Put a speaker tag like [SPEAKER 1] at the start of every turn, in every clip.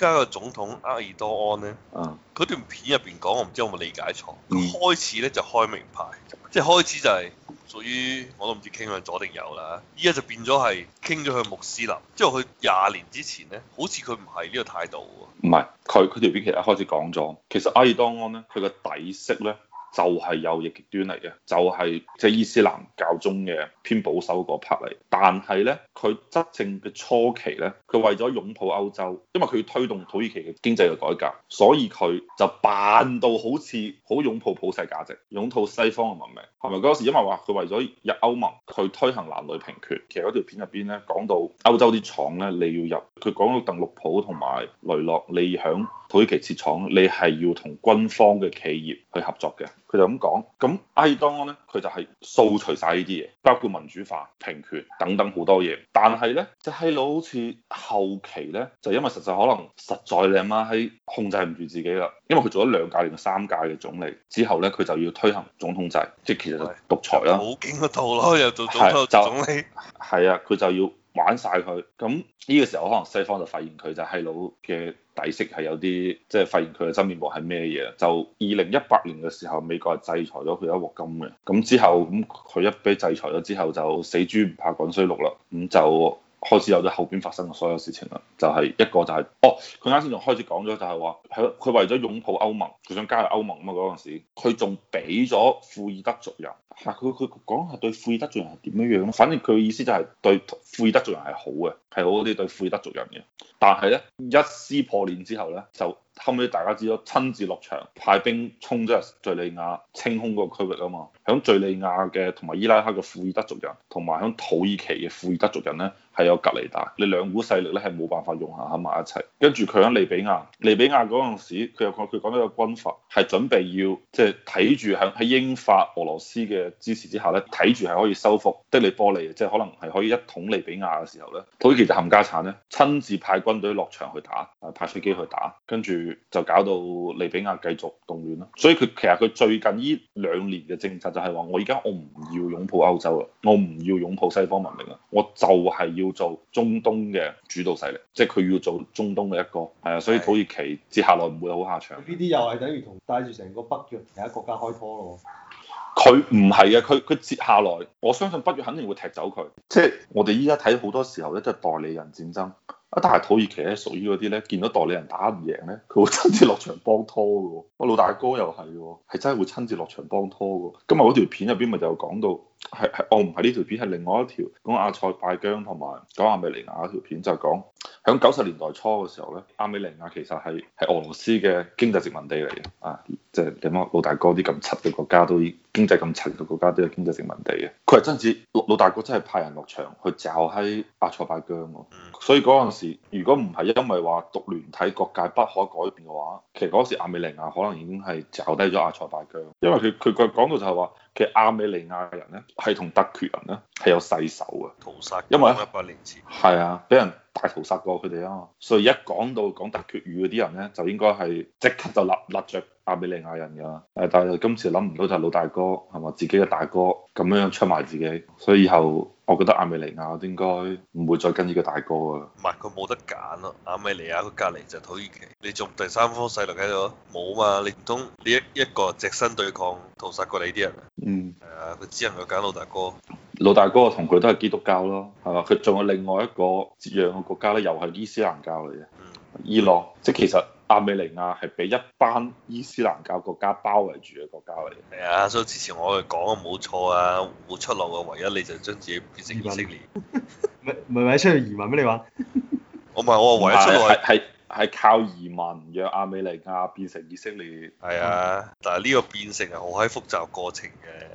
[SPEAKER 1] 而家個總統厄爾多安咧，嗰、嗯、段片入邊講，我唔知有冇理解錯。開始咧就開名牌，即係開始就係屬於我都唔知傾向左定右啦。依家就變咗係傾咗去穆斯林。之後佢廿年之前咧，好似佢唔係呢個
[SPEAKER 2] 態度喎。唔係，佢佢條片其實開始講咗，其實厄爾多安咧，佢個底色咧。就係有極端嚟嘅，就係即係伊斯蘭教宗嘅偏保守嗰 part 嚟。但係呢，佢執政嘅初期呢，佢為咗擁抱歐洲，因為佢要推動土耳其嘅經濟嘅改革，所以佢就扮到好似好擁抱普世價值，擁抱西方嘅文明。係咪？嗰時因為話佢為咗入歐盟，佢推行男女平權。其實嗰條片入邊呢，講到歐洲啲廠呢，你要入。佢講到鄧祿普同埋雷諾，你響，土耳其設廠，你係要同軍方嘅企業去合作嘅。佢就咁講，咁 Erdogan 呢，佢就係掃除晒呢啲嘢，包括民主化、平權等等好多嘢。但係咧，就閪、是、佬好似後期咧，就係、因為實際可能實在你阿媽閪控制唔住自己啦。因為佢做咗兩屆定三屆嘅總理之後咧，佢就要推行總統制，即係其實就係獨裁啦。好
[SPEAKER 1] 勁嗰套咯，又做總統
[SPEAKER 2] 總理。係啊，佢就，就要。玩晒佢，咁呢個時候可能西方就發現佢就係佬嘅底色係有啲，即係發現佢嘅真面目係咩嘢。就二零一八年嘅時候，美國係制裁咗佢一鑊金嘅。咁之後咁佢一俾制裁咗之後，之後就死豬唔怕滾水淥啦。咁就開始有咗後邊發生嘅所有事情啦。就係一個就係，哦，佢啱先仲開始講咗就係話，係佢為咗擁抱歐盟，佢想加入歐盟啊嘛嗰陣時，佢仲俾咗庫爾德族人。啊！佢佢講下對庫爾德族人係點樣樣，反正佢嘅意思就係對庫爾德族人係好嘅，係好啲對庫爾德族人嘅。但係咧，一撕破綻之後咧，就後尾大家知道親自落場派兵衝咗入敍利亞清空嗰個區域啊嘛！響敍利亞嘅同埋伊拉克嘅庫爾德族人，同埋響土耳其嘅庫爾德族人咧。係有隔離帶，你兩股勢力咧係冇辦法融合喺埋一齊。跟住佢喺利比亞，利比亞嗰陣時佢又講佢講到個軍閥係準備要即係睇住喺喺英法、俄羅斯嘅支持之下咧，睇住係可以收復的黎波里，即係可能係可以一統利比亞嘅時候咧，土耳其就冚家鏟咧，親自派軍隊落場去打，派飛機去打，跟住就搞到利比亞繼續動亂啦。所以佢其實佢最近呢兩年嘅政策就係話：我而家我唔要擁抱歐洲啦，我唔要擁抱西方文明啦，我就係要做中東嘅主導勢力，即係佢要做中東嘅一哥，係啊的，所以土耳其接下來唔會有好下場。呢
[SPEAKER 1] 啲又係等於同帶住成個北約其他國家開拖咯。佢
[SPEAKER 2] 唔係啊，佢佢接下來我相信北約肯定會踢走佢。即係我哋依家睇好多時候咧都係代理人戰爭，啊，但係土耳其咧屬於嗰啲咧，見到代理人打唔贏咧，佢會親自落場幫拖噶。我老大哥又係，係真係會親自落場幫拖噶。今日嗰條片入邊咪就有講到。係係，我唔係呢條片，係另外一條講阿塞拜疆同埋講阿美尼亞嗰條片，就係講響九十年代初嘅時候咧，阿美尼亞其實係係俄羅斯嘅經濟殖民地嚟啊，即係點講老大哥啲咁柒嘅國家都經濟咁柒嘅國家都有經濟殖民地嘅，佢係真係老大哥真係派人落場去嚼喺阿塞拜疆咯，所以嗰陣時如果唔係因為話獨聯體國界不可改變嘅話，其實嗰時阿美尼亞可能已經係嚼低咗阿塞拜疆，因為佢佢講到就係話。其實阿美尼亞人咧，係同特厥人咧係有勢手嘅，屠殺因為咧，係啊，俾人。大屠殺過佢哋啊，所以一講到講突厥語嗰啲人咧，就應該係即刻就立立著亞美尼亞人噶啦。但係今次諗唔到就係老大哥係嘛，自己嘅大哥咁樣出賣自己，所以以後我覺得亞美尼亞應該唔會再跟依個大哥啊、嗯。唔係佢冇得揀咯，亞美尼亞佢隔籬
[SPEAKER 1] 就土耳其，你仲第三方勢力喺度冇啊，你唔通你一一個隻身對抗
[SPEAKER 2] 屠殺過你啲人？嗯，係啊，佢只能夠揀老大哥。老大哥同佢都係基督教咯，係嘛？佢仲有另外一個接壤嘅國家咧，又係伊斯蘭教嚟嘅。嗯、伊朗，即係其實亞美尼亞係俾一班伊斯蘭教國家包圍住嘅國家嚟。
[SPEAKER 1] 係啊，所以之前我哋講嘅冇錯啊，冇出路嘅唯一你就將自己變成以色列。咪咪咪出去移民畀？你話？
[SPEAKER 2] 我咪我唯一出路係係係靠移民讓亞美尼亞變成以色列。係啊，但係呢個變成係好喺複雜過程嘅。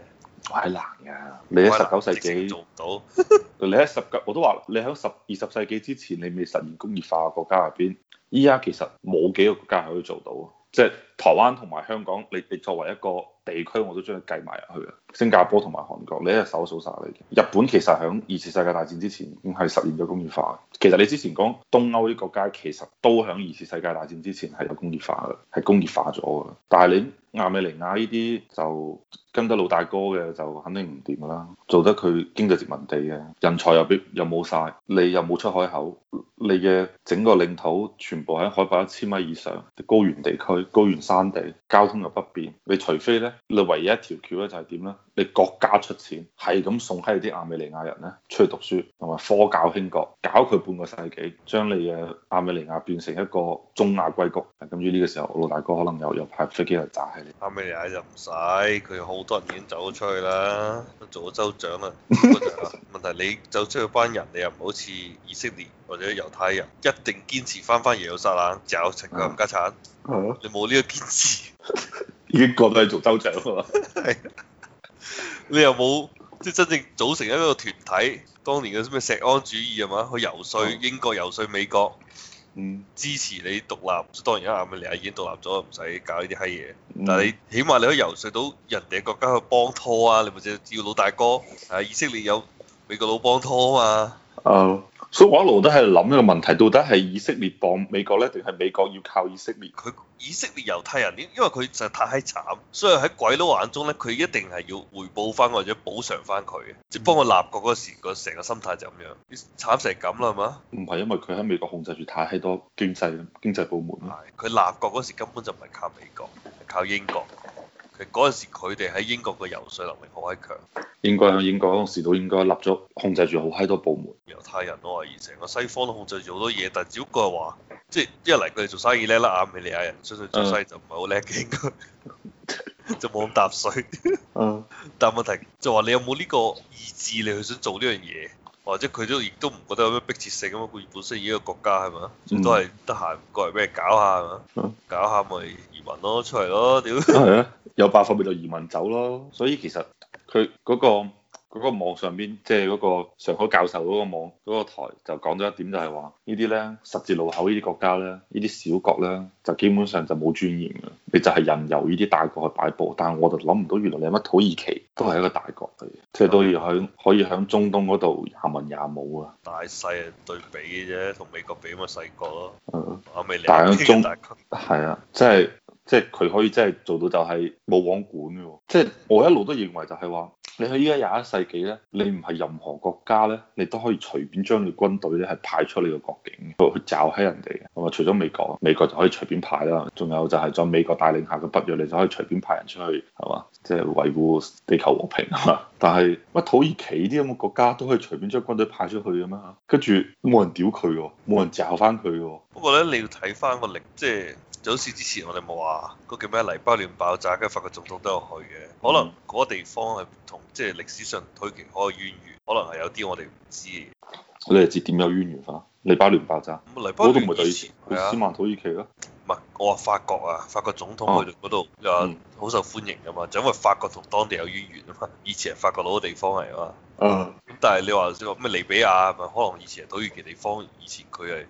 [SPEAKER 2] 太難噶，你喺十九世紀做唔到 你喺十，你喺十九我都話你喺十二十世紀之前你未實現工業化嘅國家入邊，依家其實冇幾個國家可以做到，即係台灣同埋香港，你你作為一個地區，我都將佢計埋入去啊，新加坡同埋韓國。你係手數晒嚟嘅。日本其實喺二次世界大戰之前已經係實現咗工業化。其實你之前講東歐呢啲國家，其實都喺二次世界大戰之前係有工業化嘅，係工業化咗嘅。但係你亞美尼亞呢啲就跟得老大哥嘅，就肯定唔掂啦。做得佢經濟殖民地嘅人才又俾又冇晒，你又冇出海口。你嘅整個領土全部喺海拔一千米以上啲高原地區、高原山地，交通又不便。你除非呢，你唯一一條橋呢，就係點呢？你國家出錢，係咁送喺啲亞美尼亞人呢出去讀書，同埋科教興國，搞佢半個世紀，將你嘅亞美尼亞變成一個中亞矽谷。咁於呢個時候，老大哥可能又又派飛機嚟炸喺
[SPEAKER 1] 你。亞美尼亞又唔使，佢好多人已經走咗出去啦，做咗州長啊。 問題你走出去班人，你又唔好似以色列？或者猶太人一定堅持翻翻耶路撒冷，仲有拯救家產。 你冇呢個堅持， 已經覺得係做州長啦。 你又冇即真正組成一個團體。當年嘅咩錫安主義係嘛？去遊說英國、遊 說美國，支持你獨立。當然阿亞美尼亞已經獨立咗，唔使搞呢啲閪嘢。 但係你，起碼你可以遊說到人哋國家去幫拖啊！你或者叫老大哥。係以色列有美國佬幫拖
[SPEAKER 2] 啊嘛。啊、uh, so，所以我一路都喺度諗呢個問題，到底係以色列幫美國呢？定係美國要靠以色列？佢以色列猶太人，點，因為佢就太慘，所以喺鬼佬
[SPEAKER 1] 眼中咧，佢一定係要回報翻或者補償翻佢嘅。即係幫佢立國嗰時，個成個心態就咁樣，慘成咁啦，係咪？
[SPEAKER 2] 唔係因為佢喺美國控制住太多經濟經濟部門，
[SPEAKER 1] 佢立國嗰時根本就唔係靠美國，
[SPEAKER 2] 係靠英國。其
[SPEAKER 1] 實嗰時佢哋喺英國嘅遊說能力好閪強，
[SPEAKER 2] 應該喺英國嗰陣時都應該立咗控制住好閪多部門。
[SPEAKER 1] 猶太人咯，而成個西方都控制住好多嘢。但係只不過話，即係一嚟佢哋做生意叻啦，亞美尼亞人出去做生意就唔係好叻嘅，應該 就冇咁搭水。但係問題就話你有冇呢個意志，你去想做呢樣嘢，或者佢都亦都唔覺得有咩迫切性咁樣鼓本身呢一個國家係嘛，最多係得閒過嚟俾
[SPEAKER 2] 人搞下係嘛，搞下咪移民咯，出嚟咯，屌。係啊。有辦法咪就移民走咯，所以其實佢嗰、那個嗰、那個、網上邊，即係嗰個上海教授嗰個網嗰、那個台就講咗一點就，就係話呢啲咧十字路口呢啲國家咧，呢啲小國咧就基本上就冇尊嚴嘅，你就係任由呢啲大國去擺佈。但係我就諗唔到，原來你乜土耳其都係一個大國嚟嘅，即、就、係、是、都要喺可以喺中東嗰度廿文廿武啊！大細對比嘅啫，同美國比咁啊細國咯。嗯、我未中。但係喺中係啊，即係。即係佢可以真係做到就係冇王管嘅喎，即係我一路都認為就係話，你去依家廿一世紀咧，你唔係任何國家咧，你都可以隨便將你軍隊咧係派出你個國境，去抓喺人哋嘅。咁啊，除咗美國，美國就可以隨便派啦。仲有就係在美國帶領下嘅北約，你就可以隨便派人出去，係嘛？即係維護地球和平啊嘛。但係乜土耳其啲咁嘅國家都可以隨便將軍隊派出去嘅咩？跟住冇人屌佢嘅，冇人抓翻佢嘅。不過咧，你要睇翻
[SPEAKER 1] 個力，即係。就好似之前我哋冇話嗰個叫咩黎巴嫩爆炸，跟住法國總統都有去嘅，可能嗰個地方係同即係歷史上土耳其有淵源，可能係有啲我哋唔
[SPEAKER 2] 知。你哋知點有淵源法？黎巴嫩爆炸嗰都唔係對以前，古、啊、斯曼土耳
[SPEAKER 1] 其咯、啊。唔係，我話法國啊，法國總統去到嗰度又好受歡迎㗎嘛，就因為法國同當地有淵源啊嘛。以前係法國佬嘅地方嚟啊嘛。嗯、uh。咁但係你話即係咩？利比亞咪可能以前係土耳其地方，以前佢係。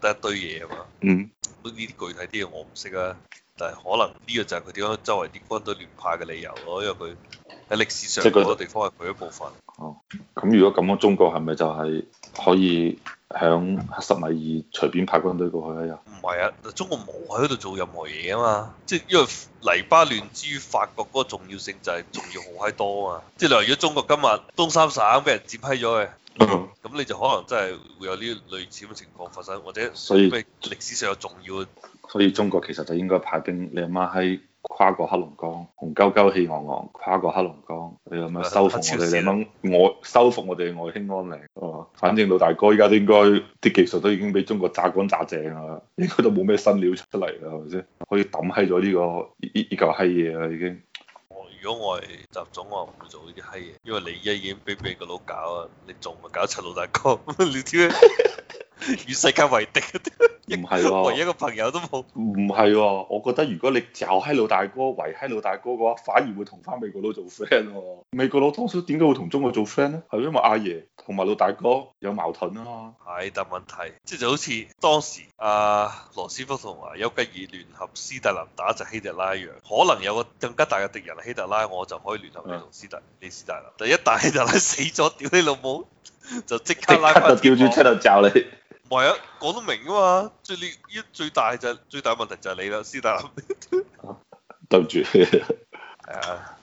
[SPEAKER 1] 得一堆嘢啊嘛，
[SPEAKER 2] 咁
[SPEAKER 1] 呢啲具體啲嘢我唔識啊，但係可能呢個就係佢點樣周圍啲軍隊亂派嘅理由咯、啊，因為佢
[SPEAKER 2] 喺歷史上好多
[SPEAKER 1] 地方係佢一部分。哦，
[SPEAKER 2] 咁如果咁樣，中國係咪就係可以響克什米爾隨便派軍隊過去啊？唔係
[SPEAKER 1] 啊，中國冇喺度做任何嘢啊嘛，即係因為黎巴嫩之於法國嗰個重要性就係仲要好閪多啊嘛，即係例如如果中國今日東三省俾人佔閪咗嘅。嗯，咁、mm hmm. 你就可能真係會有呢類似嘅情況發生，或者所以歷史上有重要
[SPEAKER 2] 所，所以中國其實就應該派兵，你阿媽喺跨過黑龍江，雄赳赳氣昂昂跨過黑龍江，你阿媽收復我哋、啊、你阿媽收復我哋外興安嶺，哦、啊，反正老大哥依家都應該啲技術都已經俾中國榨乾榨淨啦，應該都冇咩新料出嚟啦，係咪先？可以抌喺咗呢個依依嚿閪嘢啦已經。
[SPEAKER 1] 如果我係習總，我唔會做呢啲閪嘢，因為你一已經俾俾個佬搞啊。你仲唔搞柒
[SPEAKER 2] 老大哥， 你知咩？ 與世界為敵嗰啲，唔係喎，唯一個朋友都冇。唔係喎，我覺得如果你就閪老大哥，為閪老大哥嘅話，反而會同翻美國佬做 friend 喎、啊。美國佬當初點解會同中國做 friend 咧？係因為阿爺同埋老大哥有矛盾啊嘛。
[SPEAKER 1] 係，但問題即係就是、好似當時阿、啊、羅斯福同埋丘吉爾聯合斯大林打隻希特拉一樣，可能有個更加大嘅敵人希特拉，我就可以聯合你同斯大、嗯、你斯大林。但一但希特拉死咗，屌你老母，就
[SPEAKER 2] 即刻拉翻。就叫住出嚟炸你。
[SPEAKER 1] 唔係啊，我都明啊嘛，最你最大就係、是、最大問題就係你啦，斯大林。 啊、
[SPEAKER 2] 對唔住， 哎